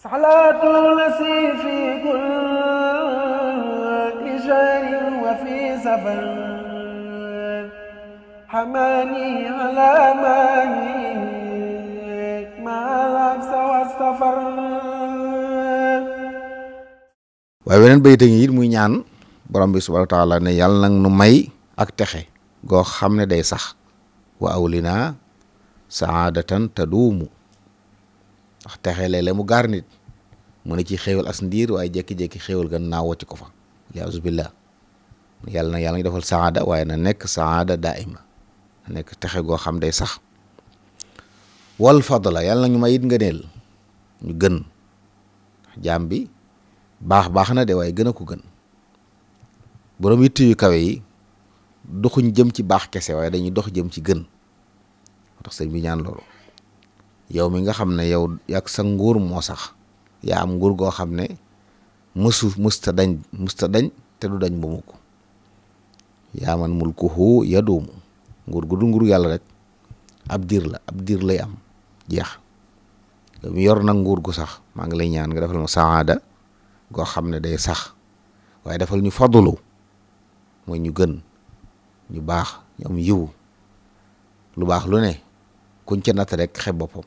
salaatun si fi kulli shay'in wa fi safar hamani alamani waaye weneen bayta ngi it muy ñaan borom bi subhaanahu wa taala ne yàlla nu may ak texe goo xam ne day sax wa awlinaa saadatan taduumu texe léeg mu gaar nit mu ne ci xéewal as ndiir waaye jékki-jékki xéewal gan naa ko fa liasu billah yàlla na yàlla ngi defal saada waaye na nekk saada daaima nekk texe goo xam day sax wal fadla yàlla na ñu may it ngëneel ñu gën jaam bi baax baax na de waaye gën a ko gën boroom yitt yu kawe yi doxuñ jëm ci baax kese waaye dañuy dox jëm ci gën moo tax sëñ bi loolu yow mi nga xam ne yow ak sa nguur moo sax yaa am nguur goo xam ne mësu mësta dañ mësta dañ te du dañ ba mukk yaa man mulkuhu yaduumu nguur gu du nguur yàlla rek ab diir la ab diir lay am jeex yow mi yor nag nguur gu sax maa ngi lay ñaan nga defal ma saada goo xam ne day sax waaye defal ñu fadlu mooy ñu gën ñu baax ñu am yiw lu baax lu ne kuñ ca natt rek xeb boppam